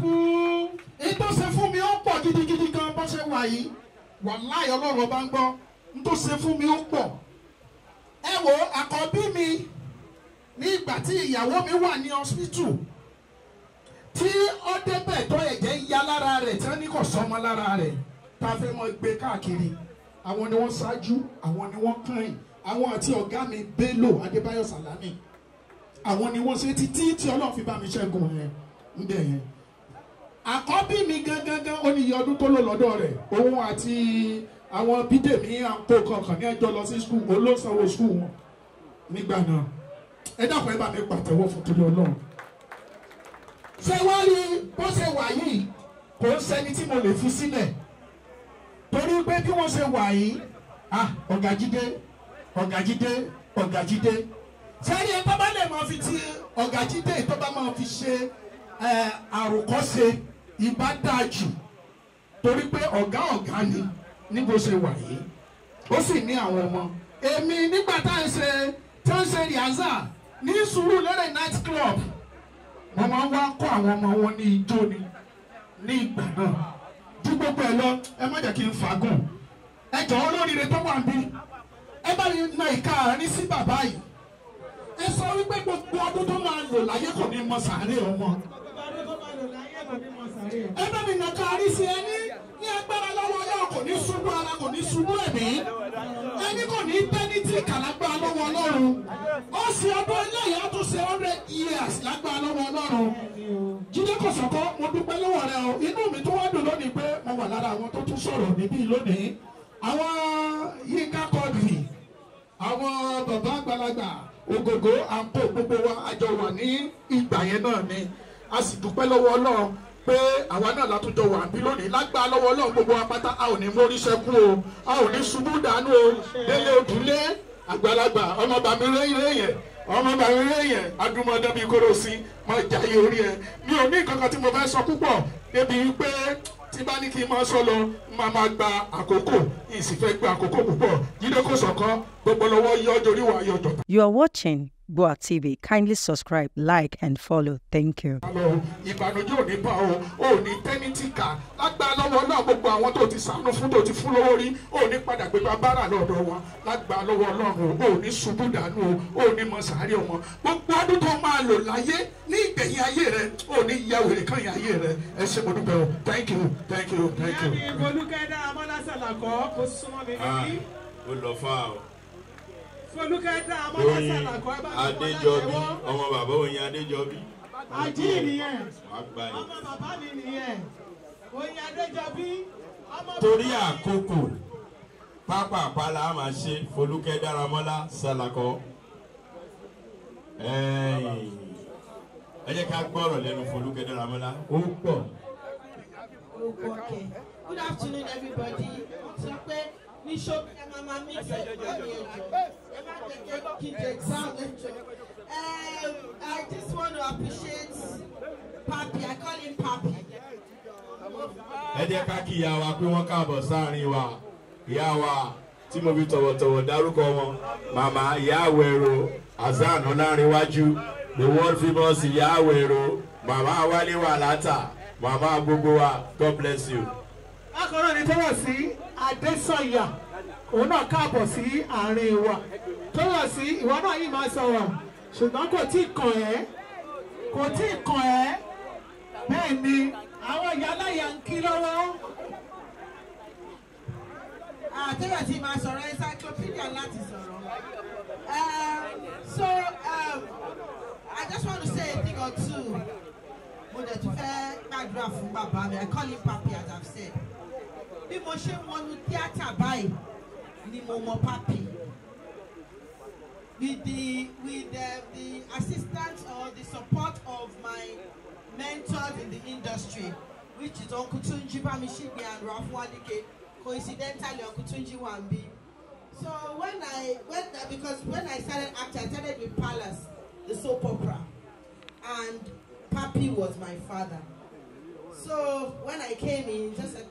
ètò ṣe fún mi ó pọ̀ gidigidi gan bó ṣe wà yìí wàláhì ọlọ́run ọba ń gbọ́ ń tó ṣe fún mi ó pọ̀ ẹ wo àkọ́bí mi ní ìgbà tí ìyàwó mi wà ní hospital tí ó débẹ̀ tó ẹ̀jẹ̀ ń ya lára rẹ̀ tí wọ́n ní kò sọmọ lára rẹ̀ tá a fẹ́ mọ gbé káàkiri àwọn ni wọ́n ṣáájú àwọn ni wọ́n kàn yín àwọn àti ọ̀gá mi Bello Adébáyọ̀ Sàlámì àwọn ni wọ́n ṣe títí tí ọlọ́run fi bá mi ṣẹ́gun yẹn ń bẹ̀ yẹn àkọ́bí mi gangan ó ní iye ọdún tó lò lọ́dọ̀ rẹ̀ òun àti àwọn bídèmí àǹkó kankan ní ẹjọ́ lọ sí skul olóṣèwò skul wọn nígbà náà ẹ dàpọ̀ ẹ bá mi pàtẹ́wọ́ fún torí ọlọ́run. ṣé wá rí bó ṣe wà yìí kò ń ṣẹni tí mo lè fi sílẹ̀ torí pé bí wọ́n ṣe wà yìí ọ̀gàjídé ọ̀gàjídé ọ̀gàjídé sẹ́ni ẹ̀ tó bá lè máa fi ti ọ̀gàjídé tó bá máa fi ṣe àròkọ́ṣe ìbá dáa jù torí pé ọ̀gá ọ̀gá ni níbo ṣe wà yìí ó sì ní àwọn ọmọ èmi nígbà tá à ń ṣe tá à ń ṣe rìhásà ní Sùúrùlérè night club wọ́n máa ń wá kọ́ àwọn ọmọ wọn ní ijó ni ní ìgbà náà ju gbogbo ẹ lọ ẹ má jẹ́ kí n fagùn ẹ jọ̀ọ́ lóríire tó wà bí ẹ bá mi na ìka àárín sí bàbá yìí ẹ sọ wípé gbogbo ọdún tó máa lò láyé kò ní mọ sàárè ọmọ ẹ bá mi nàka àrísí ẹni ní agbára lọ́wọ́ Ọlọ́run kò ní ṣubú ara kò ní ṣubú ẹ̀mí ẹni kò ní bẹ́ ní tí kàlágbá lọ́wọ́ Ọlọ́run ó sì ọdún eléyìí á tún ṣe hundred years lágbá lọ́wọ́ Ọlọ́run Jídé Kòsọ́kọ́ mo dúpẹ́ lọ́wọ́ rẹ o inú mi tó wá dùn lónìí pé mo wà lára àwọn tó tún sọ̀rọ̀ níbí lónìí àwọn Yínká Quadri àwọn bàbá àgbàlagbà ògògó à ń kó gbogbo wa àjọ wà ní ìgbà yẹn náà ni a sì dúpẹ́ lọ́wọ́ Ọlọ́run pé àwa náà látúnjọ wà bí lónìí lágbára lọ́wọ́ ọlọ́run gbogbo wa a ò ní mórí ṣẹ́kù o a ò ní ṣubú dànù o délé òdúlé àgbàlagbà ọmọọba mi rẹ́yìn yẹn ọmọọba mi rẹ́yìn adúmọ̀dọ́ bíi kóró sí mọ jayé orí ẹ mi ò ní nǹkan tí mo fẹ́ sọ púpọ̀ débi wípé tí bá ní kí n máa sọ lọ máa máa gba àkókò ìsìfẹ́ gba àkókò púpọ̀ jídé kò sọ̀kọ́ gbogbo lọ́wọ́ yọjọ́ orí wa yọjọ́. You are watching Boa TV. Kindly subscribe, like, and follow. Thank you. Ìbànújẹ́ ò ní bá o, ò ní tẹ́nítì kà. Lágbára lọ́wọ́ náà gbogbo àwọn tó ti sànú fún tó ti fún lówó rí, ò ní padà gbé bàbára lọ́dọ̀ wa. Lágbára lọ́wọ́ Ọlọ́run, ò ní ṣubú dànù ò ní mọ sàárẹ̀ ọmọ. Gbogbo ọdún tó máa lò láyé ní ìgbẹ̀yìn ayé rẹ̀, ò ní ya wèrè kan yà ayé rẹ̀. Ẹ ṣe mo dúpẹ́ o, thank you, thank you, thank you. Ìyá lóyin adéjọbí ọmọ bàbá Oyin adéjọbí. àjí nìyẹn ọmọ bàbá mi nìyẹn Oyin adéjọbí ọmọ torí àkókò pápá àpàlà máa ṣe Folúkẹ́ Dáramọ́lá Sàlàkọ́ ẹ jẹ́ ká gbọ́rọ̀ lẹ́nu Folúkẹ́ Dáramọ́lá ó pọ̀. ó pọ̀ kẹ́ good afternoon everybody ní ṣókí ẹ máa máa mí ẹ má jẹjẹ kí n I just want to appreciate Papi, I call him Papi. Ẹ jẹ́ ká kí ìyá wa pé wọ́n káàbọ̀ sáàrin wa ìyá wa tí mo fi tọ̀wọ̀tọ̀wọ̀ dárúkọ wọn màmá ìyá àwẹ̀rò Hasan Ọlárìnwájú the world famous ìyá àwẹ̀rò màmá Wálé wà látà màmá gbogbo wa God bless you. Bákan ni tó sí. Adésànyà òun náà káàbọ̀ sí àárín wa tó yọ sí ìwọ náà yìí máa sọ̀rọ̀ ṣùgbọ́n kò tí ì kàn ẹ́ kò tí ì kàn ẹ́ bẹ́ẹ̀ ni àwọn ìyá aláya ń kí lọ́wọ́. àtẹ̀yọ̀ ah, tí máa sọ̀rọ̀ encyclopedia láti sọ̀rọ̀. Um, so um, I just want to say a thing or two. mo dẹ̀ tún fẹ́ gbàdúrà fún bàbá mi I call him papi as I've said. bí mo ṣe wọnú tíátà theater ni mo mọ pápí with the with uh, the, the assistance or the support of my mentors in the industry which is Uncle Tunji Bamishigbe and Ralph Wadike coincidentally Uncle Tunji Wambi so when I when because when I started acting I started with Palace the soap opera and Papi was my father so when I came in just like.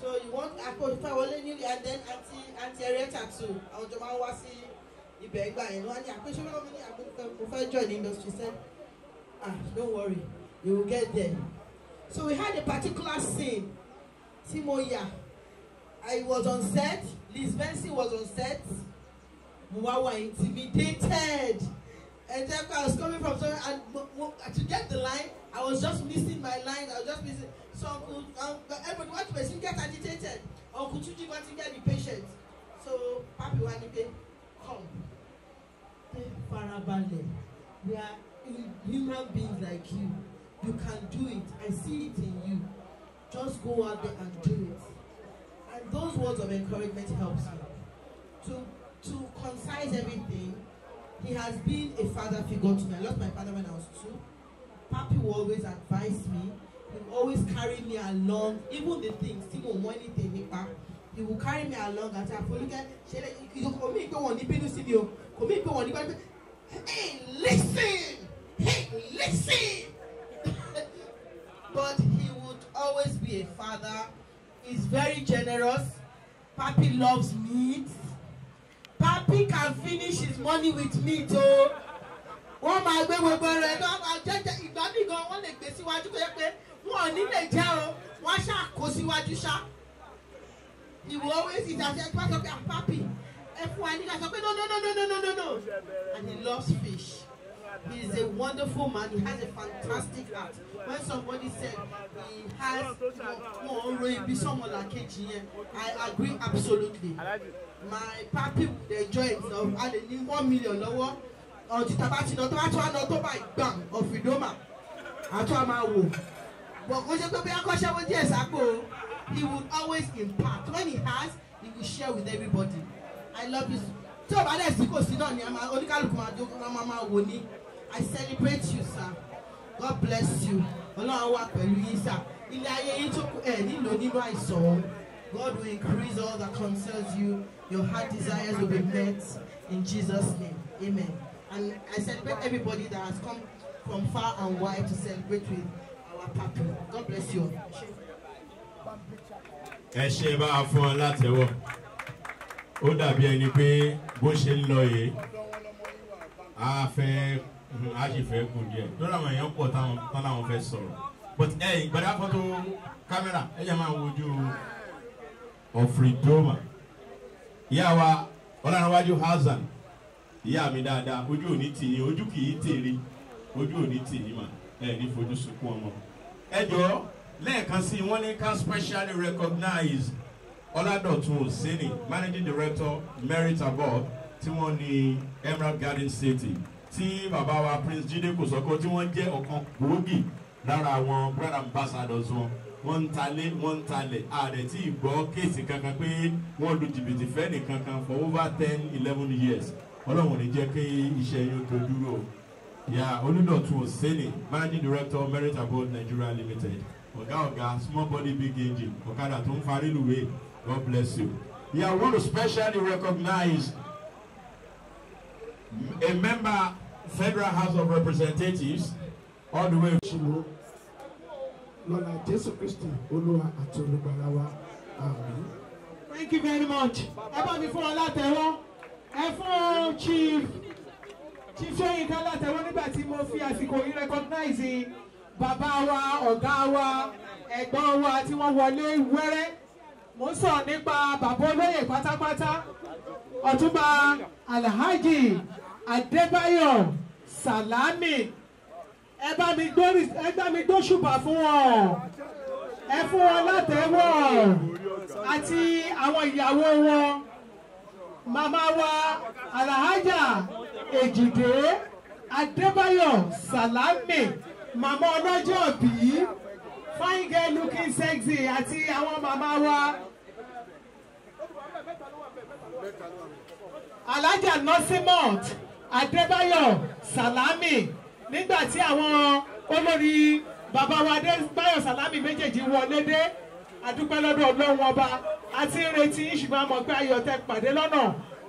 so you want akọ̀yífà wọlé nílé and then anti anti ẹ̀rẹ́ tattoo àwọn ọjọ́ máa ń wá sí ibẹ̀ ìgbà yẹn wọ́n á ní àpéṣe wọn ní àpéṣe mo fẹ́ join the industry sẹ́ ah don't worry you will get there so we had a particular scene tí mo yà I was on set Liz Benson was on set mo wá wà intimidated and then I was coming from somewhere and to get the line I was just missing my line I was just missing. So Uncle, um, everybody, what person get agitated? Uncle Tuji want to get the patient. So Papi Wanipe, come. Farabalẹ̀, we are human beings like you. You can do it. I see it in you. Just go out there and do it. And those words of encouragement helps me. To, to concise everything, he has been a father figure to me. I lost my father when I was two. Papi will always advise me will always carry me along even the things tí mo mọ anything nípa he will carry me along àti àfolúkẹ́ ṣẹlẹ̀ kò mí pé wọ́n ní bínú sí mi o kò mí pé wọ́n ní bínú hey listen hey listen but he would always be a father he is very generous papi loves meat papi can finish his money with meat o. Oh máa gbé gbogbo rẹ̀ lọ́wọ́ jẹ́jẹ́ ìgbà mí gan lè gbé síwájú pé wọn ò ní lè jẹ́ o wọ́n ṣáà kó síwájú ṣá ìwọ owó èsì ìdájọ́ ẹgbẹ́ sọ pé I'm ah, happy wa nígbà sọ pé no no no no no no no and he loves fish. He is a wonderful man. He has a fantastic heart. When somebody said he has more be someone like KGN, I agree absolutely. My papi would enjoy himself. I dey ní one million lọ́wọ́. Ọ̀dìtàbátì náà tó bá tó wá lọ tó bá gbàm ọ̀fìdómà. Àtúwà máa wò but when you kò ṣe pé bí yes I go, he would always impart when he has he will share with everybody i love you So, my bá dẹ̀ sí kò sí My ni oníkálukú máa jókòó i celebrate you sir god bless you ọlọ́run wà pẹ̀lú yín sir ilé ayé yín tó kù ẹ̀ nílò nínú àìsàn god will increase all that concerns you your heart desires will be met in jesus name amen and i celebrate everybody that has come from far and wide to celebrate with. God bless you. Ẹ ṣe bá a fún ọ látẹ̀wọ̀. Ó dàbí ẹni pé bó ṣe ń lọ yìí, a fẹ́ a sì fẹ́ kù díẹ̀. Lórí àwọn èèyàn pọ̀ tán láwọn fẹ́ sọ̀rọ̀. But ẹ ìgbàdá fọ́tò kámẹ́rà ẹ jẹ́ máa wojú ọ̀fìrìdọ́mà. Ìyá wa Ọlọ́runwájú Hasan ìyá mi dáadáa ojú ò ní tì yín ojú kì í tèrè ojú ò tì yín mà ẹ ní fojú sunkún ọmọ ẹ jọ lẹ́ẹ̀kan sí wọ́n ní ká specially recognize ọládọ̀tun òsínì managing director merit award tí wọ́n ní emerald garden city tí bàbá wa prince jide kòsọ́kọ́ tí wọ́n jẹ́ ọ̀kan gbòógì lára àwọn brand ambassadors wọn wọ́n ń talé wọ́n ń talẹ̀ ààrẹ tí ìgbọ́ kéèsì kankan pé wọ́n lu jìbìtì fẹ́ẹ̀nì kankan for over ten eleven years ọlọ́run ò ní jẹ́ kí iṣẹ́ yín tó dúró o. Yeah, Oludotun Oseni, Managing Director, Merit Meritable Nigeria Limited. Oga Oga, small body big engine, ọ̀kadà tó ń farí lùwé, God bless you. You yeah, want to specially recognize a member, Federal House of Representatives, all the way. Lọ́la Jésù Kristi, Olúwa àti Olùgbàlà wa, àmín. Thank you very much. Ẹ bá mi fún ọ látẹ̀wọ́. Chief ṣíṣe ìka látẹ̀wọ́ nígbà tí mo fi àsìkò yìí recognize bàbá wa ọ̀gá wa ẹ̀gbọ́n wa tí wọ́n wọlé wẹ́rẹ́ mo sọ nípa bàbá olóyè pátápátá ọ̀túnba alhaji adébáyọ̀ salami ẹ bá mi gbóṣùbà fún wọn ẹ fún wọn látẹ̀wọ́ àti àwọn ìyàwó wọn màmá wa alhaja èjìdé adébáyọ̀ sàlámì màmá ọlọ́jọ́ bí fine girl looking sexy àti àwọn màmá wa alájà nọ́símọ̀t adébáyọ̀ sàlámì nígbà tí àwọn olórí bàbá wa adébáyọ̀ sàlámì méjèèjì wọlé dé adúpẹ́ lọ́dọ̀ ọlọ́run ọba àti ìrètí ṣùgbọ́n a mọ̀ pé ayọ̀ tẹ pàdé lọ́nà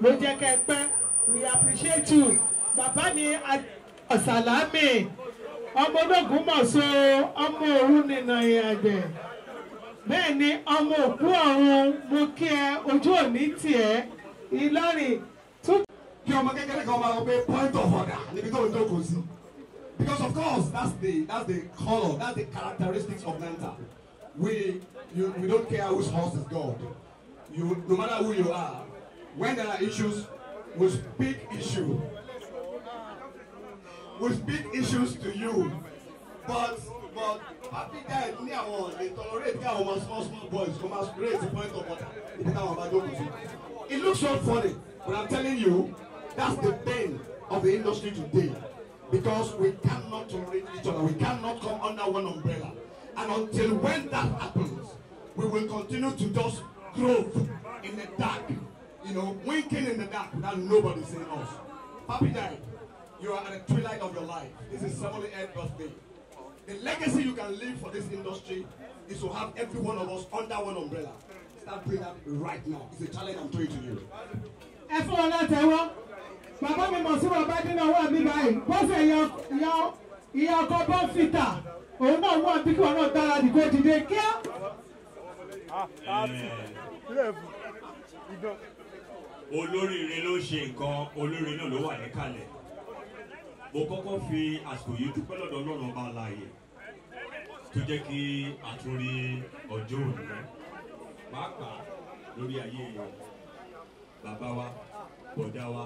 ló jẹ́ kẹ́ pẹ́ we appreciate you bàbá mi ọ̀sàlámì ọmọ ológun mọ̀ so ọmọ òru nìna ìyàgbẹ́ bẹ́ẹ̀ ni ọmọ òkú ọ̀run mo kí ẹ ojú òní tiẹ̀ Ìlọrin tún. kí ọmọ kékeré kan máa lọ point of order níbi tó ń dókòó sí because of course that's the that's the colour that's the characteristics of Nanta we you, we don't care whose horse is God you no matter who you are when there are issues will speak issue will speak issues to you but but happy guy near one, they tolerate kí àwọn ọmọ small small boys kò máa spray to point of water. it looks so funny but i'm telling you that's the pain of the industry today because we cannot tolerate each other we cannot come under one umbrella and until when that happens we will continue to just grow in the dark you know, winking in the dark without nobody seeing us. Papi died. You are at the twilight of your life. This is 78th birthday. The legacy you can leave for this industry is to have every one of us under one umbrella. Start doing that right now. It's a challenge I'm throwing to you. Ẹ fún ọ láti ẹwọ́, bàbá mi mọ̀ sí bàbá dínà wà mí báyìí, bọ́sẹ̀ ìyá ọkọ̀ bọ́ǹfìtà, òun náà wọ́n bí kí wọ́n náà gbáradì kó dìde kíá olóríire ló ṣe nǹkan olóríire náà ló wà níkàlẹ̀ mo kọ́kọ́ fi àsìkò yìí dúpẹ́ lọ́dọ̀ ọlọ́run ọba láàyè tó jẹ́ kí àtúrí ọjọ́ òní pàápàá lórí ayé bàbá wa bọ̀dá wa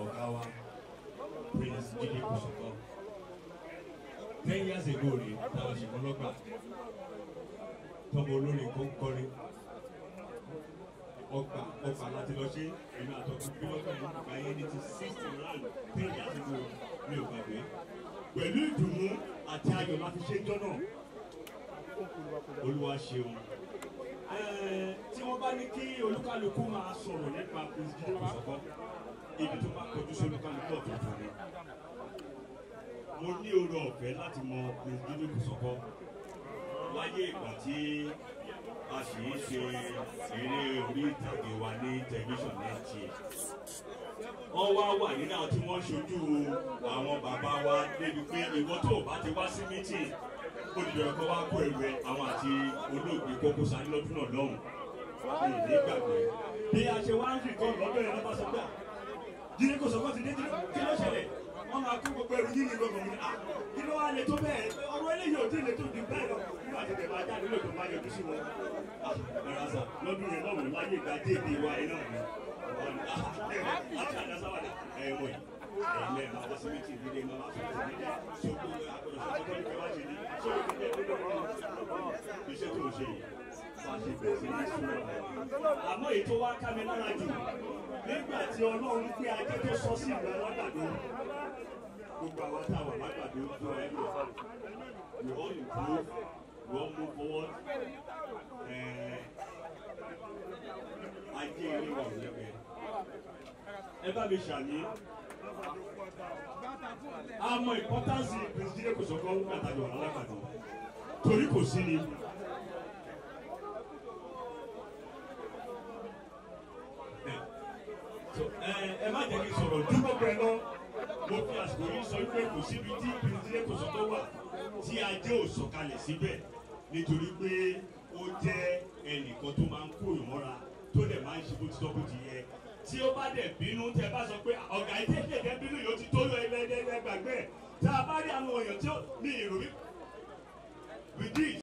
ọ̀gá wa Prince Jídé Kòsùkọ́ ten years ago rèé táwọn ṣèkọ́ lọ́gbà tọmọ olórin kó ń kọrin ọgbà ọgbà láti lọ ṣe èmi àtọkọ pílọ́tà ìgbà yẹn ní ti sixty round tẹ́lẹ̀ àdúgbò mi ò gbàgbé pẹ̀lú ìdùnnú àti ayọ̀ láti ṣe jọ́ náà olúwa ṣeun tí wọ́n bá ní kí olúkálukú máa sọ̀rọ̀ nípa ìdílé ọ̀sọ̀kọ́ ibi tó bá kọjú sí olúkálukú ọ̀tọ̀ọ̀tọ̀ ni mo ní oore ọ̀fẹ́ láti mọ ìdílé ọ̀sọ̀kọ́ láyé ìgbà tí a sì ń ṣe eré orí ìtàgé wa ní tẹlifíṣàn lẹ́tì ẹ̀. wá wà nínú àwọn tí ṣojú àwọn bàbá wa débi pé ìwọ tó bá ti wá sí mítìn ó di dandan kó wá àwọn àti olóògbé Koko Sani lọ́dún náà lọ́hùn. èyí gbàgbé bí a ṣe wá ń rìn kọ́ lọ́dún ẹ̀ lọ́ba sọ́gbà jíde kò sọ́kọ́ ti dé jíde kí ló ṣẹlẹ̀ wọ́n máa kó gbogbo ẹrù yìí ní gbogbo mi à kí ló lè tó bẹ́ẹ̀ ọ̀rọ̀ eléyìí ò tẹ̀lé tó di báyìí lọ nígbà tí tẹ̀ bá jáde lóde máa yọjú sí wọn. ẹ̀rọ sọ lọ́dún yẹn lọ́wọ́ láyé ìgbà déédéé wa iná mi. àtàlà sáwàdà ẹ̀ wọ̀ yìí ẹ̀mẹ́ máa wá sí méjì ìdílé máa wá sọ̀rọ̀ ìdílé ṣòkòrò àkọlọ̀ṣọ́ ìfẹ́ wá ṣe ní ṣòkòrò ìdílé tó ṣe yìí àmọ́ ètò wa ká lára jù nígbà tí ọlọ́run pé ajé tó sọ sí ìlú alágbàdo gbogbo àwọn táwọn alágbàdo tó ẹ lọ we all improve we all move forward ajé ilé wa ò lẹ́gbẹ̀ẹ́ ẹ bá mi ṣàní àmọ́ importance ìpèsè kòsókó ń gbàtàjọ alágbàdo torí kò sí ni. Eh, ẹ má jẹ́ kí n sọ̀rọ̀ dúpọ̀ pẹ́ náà mo fi àsìkò yìí sọ pé kò síbi tí ìpínlẹ̀ kòsó tó wà tí ajé ò sọ̀kalẹ̀ síbẹ̀ nítorí pé ó jẹ́ ẹnìkan tó máa ń kó ìmọ́ra tó dẹ̀ máa ń ṣe bó ti tọ́ bó ti yẹ tí ó bá dẹ̀ bínú tẹ́ bá sọ pé ọ̀gá ilé ìkẹ̀kẹ́ bínú yóò ti tó lọ ilẹ̀ ẹgbẹ̀gbẹ̀ tá a bá rí àwọn èèyàn tí ó ní ìròyìn